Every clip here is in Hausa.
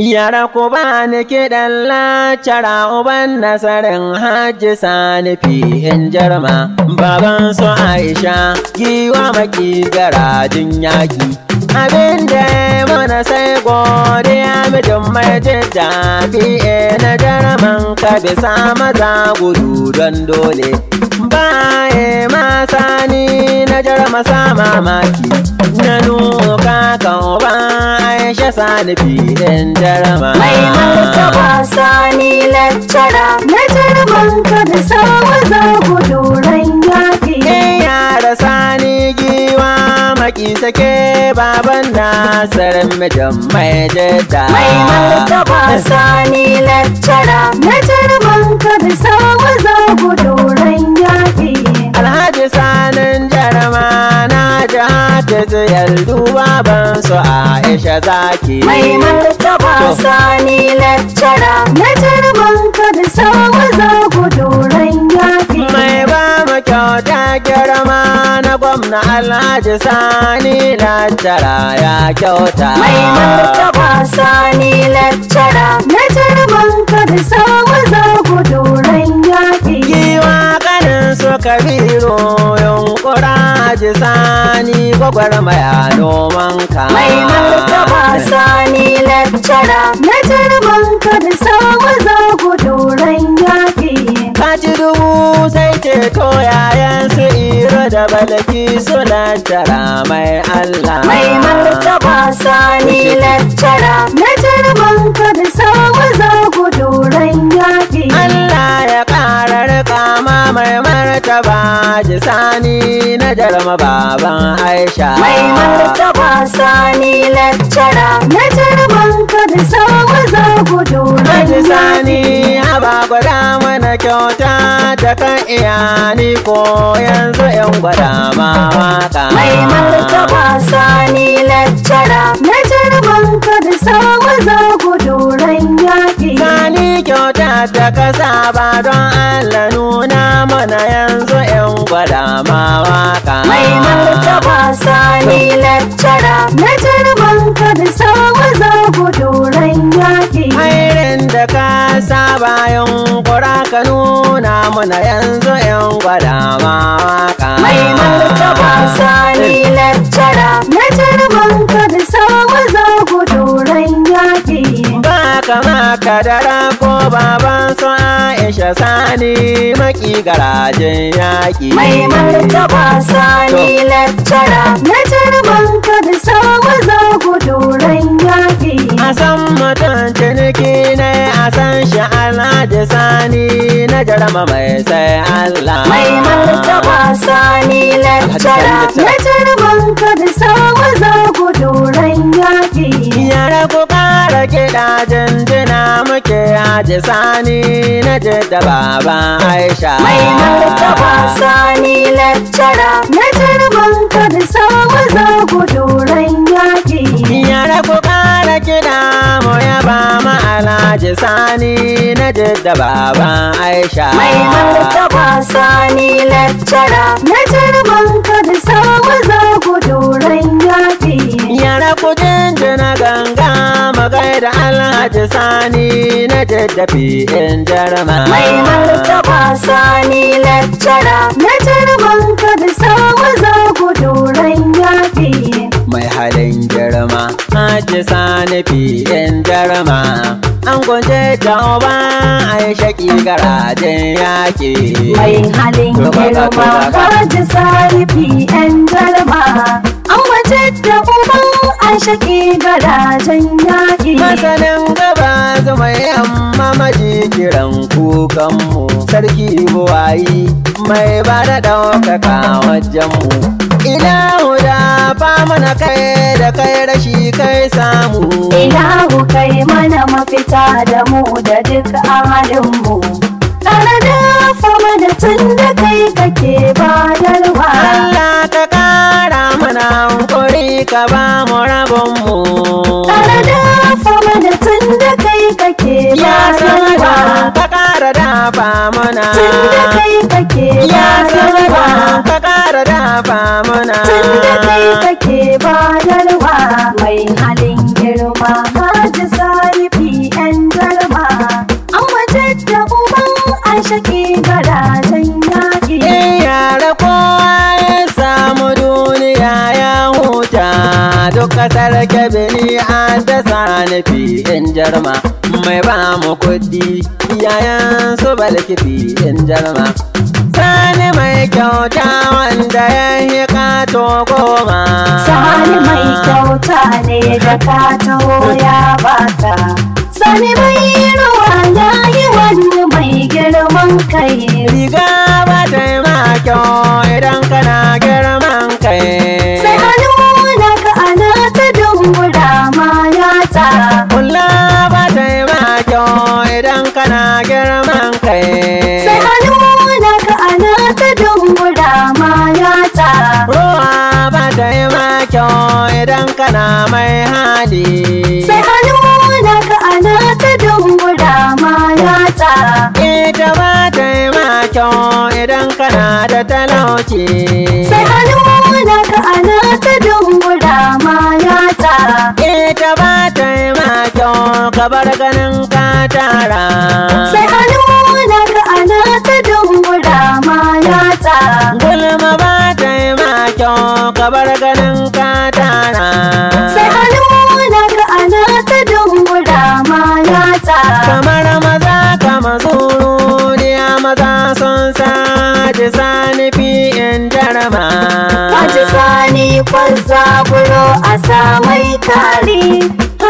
Yara ku ba ni kiɗan lacara uban nasarin hajji sanifi in jarma baban su Aisha giwa maki garajin yaki. Abin da mana sai godiya mijin mai jidda fiye na jarman ka bisa maza gudu don dole. Baye ma sani na jarma sama maki na nuka ka uba sani filin jarama. Mai martaba sani laccara, na jaraman ka da sawa za duran yaƙi. ya yara sani giwa maki sake baban nasarar mijin mai jidda. Mai martaba sani laccara, na jaraman ka da sawa za tiyar duba ban su Aisha zaki. Mai martaba sani lecturer, na jarban ka da sama za ku ya fi. Mai ba mu kyauta girma na gwamna Alhaji sani lecturer ya kyauta. Mai martaba sani lecturer, na jarban ka da sama alhaji sani gwagwarmaya noman ka. Mai martaba sani lecturer na jirman ka da za ku duran yaƙi. Ka ci dubu sai yayan su iro da balaki su lantara mai Allah. Mai martaba sani lecturer na jirman ka da za ku duran yaƙi. Allah ya ƙara rika mai martaba. ji sani na jarama baban aisha mai martaba sani lecturer na jarban ka da sama za gudu Haji sani a bagwada mana kyauta da kan iya ni ko yanzu yan gwada ma waka Mai martaba sani lecturer na jarban ka da sama za gudu ran yaƙi Sani kyauta ta kasa ba don Allah nuna mana yanzu yan gwada ma waka Mai martaba sani lecturer nasara na jarbanka da sama za doron yaƙi hairin da ka saba, bayan kura ka nuna mana yanzu yan gwada mawaka mai martaba sani na lantara na jarbanka da sama za doron yaƙi ba kama kadara ko baban su Aisha sani maki garajin yaƙi mai martaba sani na lantara Allah da sani na jarama mai sai Allah. Mai martaba sani na jara na jaraban ka da sawa za ku duran yaƙi. Yara ku ƙara kiɗa jinjina muke Aji sani na jidda baba Aisha. Mai martaba sani na jara na jaraban ka da sawa za ku duran sani na jadda baban aisha mai martaba sani lecturer na jirman da samu ya yaƙi yara kudin jina ganga magai da alhaji sani na fi in jarama mai martaba sani lecturer na jirman da samu duran yafi mai halin girma Haji sani filin jarma An gunje da oba a yi shaƙi garajen yaƙi Mai halin girma Haji sani filin jarma An gunje da oba a yi shaƙi garajen yaƙi Masanin gaba mai amma maji kiran kukanmu sarki buwayi mai ba da ɗaukaka wajenmu ilahu huda ba mana kai da kai rashi kai samu ilahu kai mana mafita da mu da duk amalinmu Kana da fama da tun da kai kake ba dalwa Allah ka kara mana hankuri ka ba mu rabonmu Kana da fama da tun da ya sanwa ka ƙara dafa mana tun da kai kake ya sanwa ka ƙara dafa mana tun da kai kake bayarwa mai halin girma ka ji sa shi an dasa nufi in jarma mai ba mu kuɗi yayan su balkifi in jarma sani mai kyauta wanda ya yi kato goma sani mai kyauta ne da kato ya bata sani mai ruwa ya yi wani mai girman kai riga ba ta yi ma kyau idan kana girma na girman kai. Sai a nuna ka ana ta dungura mayata. Ruwa ba ta yi ma idan kana mai hali. Sai a ka ana ta dungura mayata. Ita ba ta yi idan kana da talauci. Sai a nuna ka ana ta dungura mayata. Ita ba kai ma kyau ka bar ganin ka tara. Sai an nuna ka ana ta dungura ma ta. Gulma ba ta yi ma kyau ka bar ganin ka tara. Sai an nuna ka ana ta dungura ma ta. Kamar maza kama zuru diya maza sun sa ji sani fi in jarama. ji sani kwan zabulo a samai kari.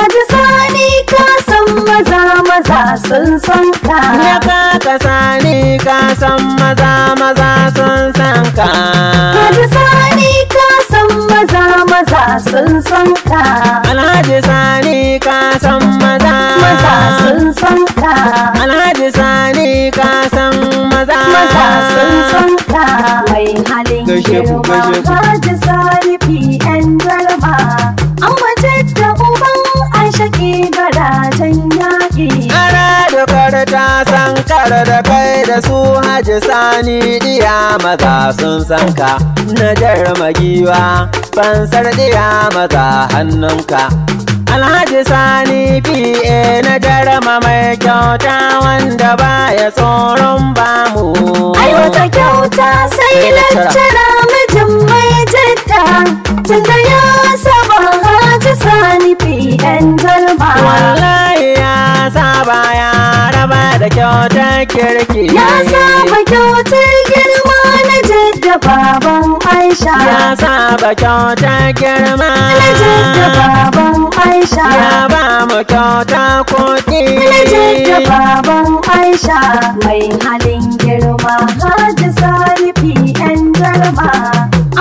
Alhaji Sani ka san maza maza sun san ka. Ya kaka Sani ka san maza maza sun san ka. Alhaji Sani ka san maza maza sun san ka. Alhaji Sani ka san maza maza sun san ka. Alhaji Sani ka san maza maza sun san ka. Mai halin girma tare da kai da su haji sani diya maza sun sanka na jarma giwa fansar diya maza hannunka alhaji sani pa na jarma mai kyauta wanda ba ya tsoron bamu ai wata kyauta sai lantara mijin mai jadda tunda ya saba haji sani pa jarma wallahi ya saba ya ya ba da kyautar kirki ya saba kyautar girma na jadda baban aisha ya saba kyautar girma na jadda baban aisha ya ba mu kyauta kuɗi na jadda baban aisha mai halin girma hajji sani pn jarma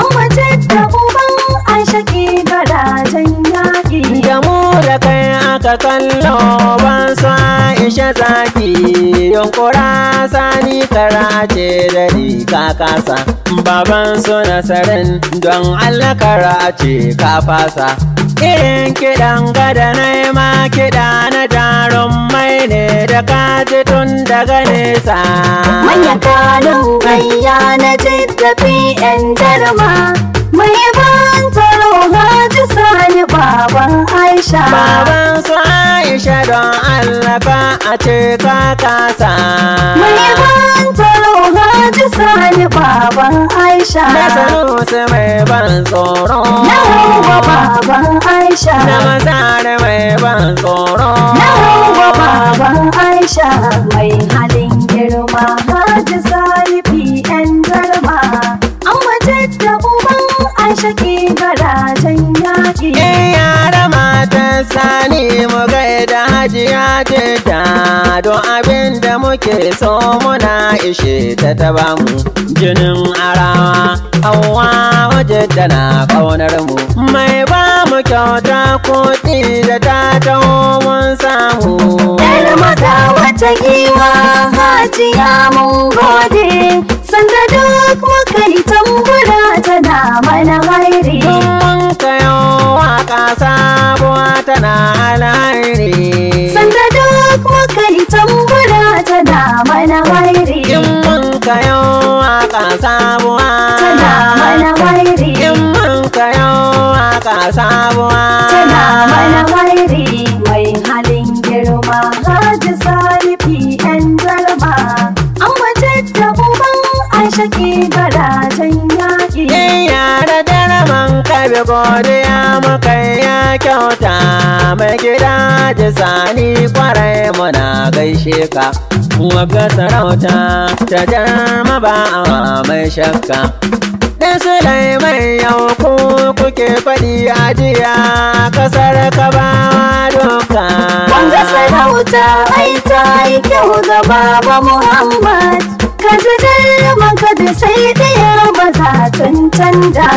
an wajen da uban aisha ke garajen yaƙi da mu da kai aka kallo ban sha zaki yankura sani karace da ni ka kasa baban su nasarin don allah karace ka fasa irin kiɗan gada na ma kiɗa na jarun mai ne da kaji tun daga nesa manya kano yana na tafi yan jarma mai ban taro haji sani baban aisha baban baban Aisha. Na sanusi mai ban tsoro. Na rungo baban Aisha. Na mazari mai ban tsoro. Na rungo baban Aisha. Mai halin girma Haji Sani PN Darma. An wajen da uban Aisha ke sani mu gaida hajiya ce ta don abin da muke so muna ishe ta taba mu jinin arawa hawa waje tana kaunar mu mai ba mu kyauta kuɗi da ta ta mun samu yar mata wata giwa hajiya mun gode sanda duk muka yi tambura tana mana hairi tana alhairi sanda duk muka yi tambura tana mana hairi in mun ka yau kayo waka sabuwa tana mana hairi in mun ka yau kayo waka sabuwa tana mana hairi mai sani kwarai muna gaishe ka waga sarauta ta dama ba mai shakka ɗan su mai yau ku kuke faɗi a jiya kasar ka ba doka wanda sarauta ai ta yi kyau ga baba muhammad ka ji jarma ka da sai ɗaya za tun canja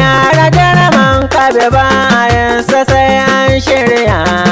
yara jarman ka bi bayan sai an shirya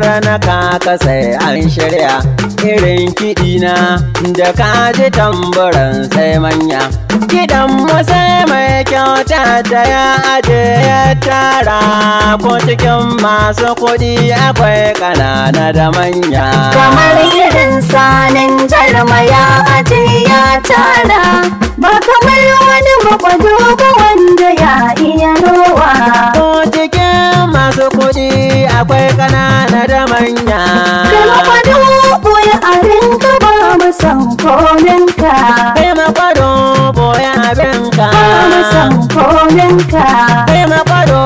kara na kaka sai an shirya irin kiɗina da ka ji tamburan sai manya gidan sai mai kyauta da ya aje ya tara ko cikin masu kuɗi akwai ƙanana da manya kamar irin sanin jarma ya aje ya tara ba kamar wani makwado ba wanda ya iya kai makwado boya abinka na san kai makwado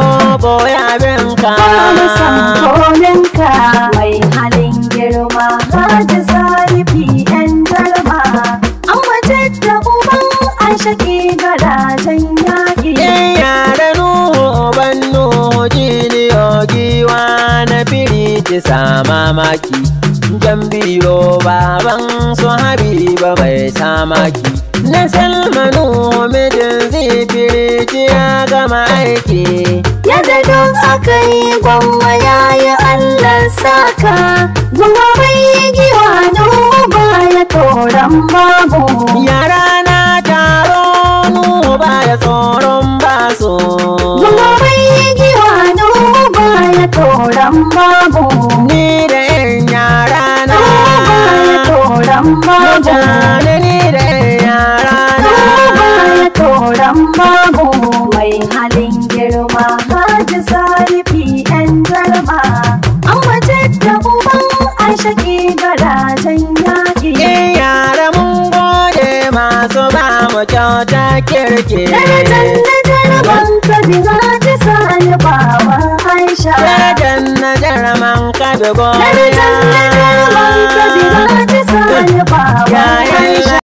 boya abinka na san koyanka maki na salmanu mijin zifiri ya gama aiki yadda don aka yi gwamma ya yi allon saka gwamma bai yi giwa duba ya toron babu yara na taro ba ya tsoron basu gwamma bai yi giwa duba ya toron babu koran babu da ni da yara na ya koran babu mai halin girma haji salifi yan jarma an da uban an shaki garajen yaƙi in mun masu ba kyauta kirki darajan na jarman kabira ji sani bawa aisha na na ba.